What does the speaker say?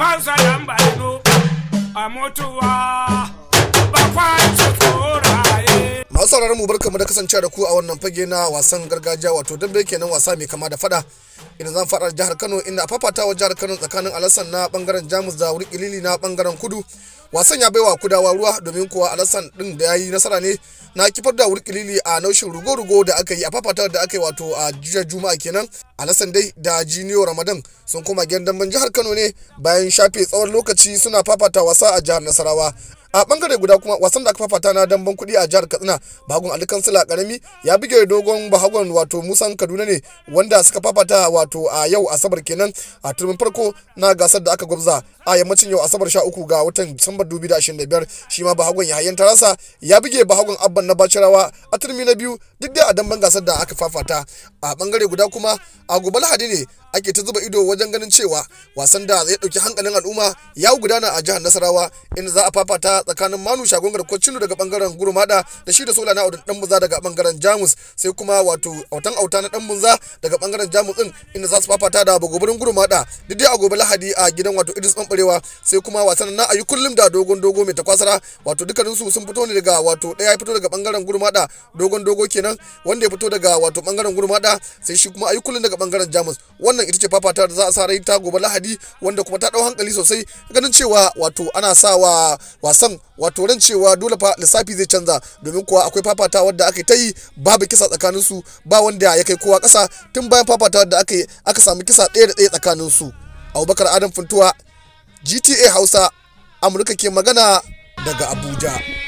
Banza yamba ino Amotuwa sauraron mu barkamu da kasance da ku a wannan fage na wasan gargajiya wato dambe kenan wasa mai kama da fada idan zan fada jihar Kano inda wa jihar Kano tsakanin alasan na bangaren Jamus da Wurkilili na bangaren Kudu wasan ya baiwa kudawa ruwa domin kuwa alasan din da yayi nasara ne na kifar da Wurkilili a naushin rugo-rugo da aka yi a fafata da aka yi wato a jiya Juma'a kenan alasan dai da Jiniyo Ramadan sun koma gidan damben jihar Kano ne bayan shafe tsawon lokaci suna fafata wasa a jihar Nasarawa a bangare guda kuma wasan da aka fafata na damben kuɗi a jihar katsina bahagon ali kansila karami ya buge dogon bahagon wato musan kaduna ne wanda suka fafata wato a yau asabar kenan a turmin farko na gasar da aka gwabza a yammacin yau asabar sha uku ga watan disamba dubu da ashirin da biyar shi ma bahagon ya tarasa ya buge bahagon abban na bacirawa a turmi na biyu duk da a damben gasar da aka fafata a bangare guda kuma a gobe lahadi ne ake ta zuba ido wajen ganin cewa wasan da zai ɗauki hankalin al'umma ya gudana a jihar nasarawa inda za a fafata tsakanin manu shagon garkuwar cinu daga bangaren gurmada da shi da sola na audun munza daga bangaren jamus sai kuma wato autan auta na munza daga bangaren jamus din inda za su fafata da bagobarin gurmada duk a gobe lahadi a gidan wato idris bambarewa sai kuma wasan na ayi kullum da dogon dogo mai takwasara wato dukkanin su sun fito ne daga wato daya ya fito daga bangaren gurmada dogon dogo kenan wanda ya fito daga wato bangaren gurmada sai shi kuma ayi kullum daga bangaren jamus wannan ita ce fafata da za a sa ta gobe lahadi wanda kuma ta dau hankali sosai ganin cewa wato ana sawa wasan wato ran cewa dole fa lissafi zai canza domin kuwa akwai fafata da aka ta yi babu kisa tsakanin su ba wanda ya kai kowa kasa tun bayan fafata da aka aka samu kisa ɗaya da ɗaya tsakanin su Abubakar Adam Funtuwa GTA Hausa Amurka ke magana daga Abuja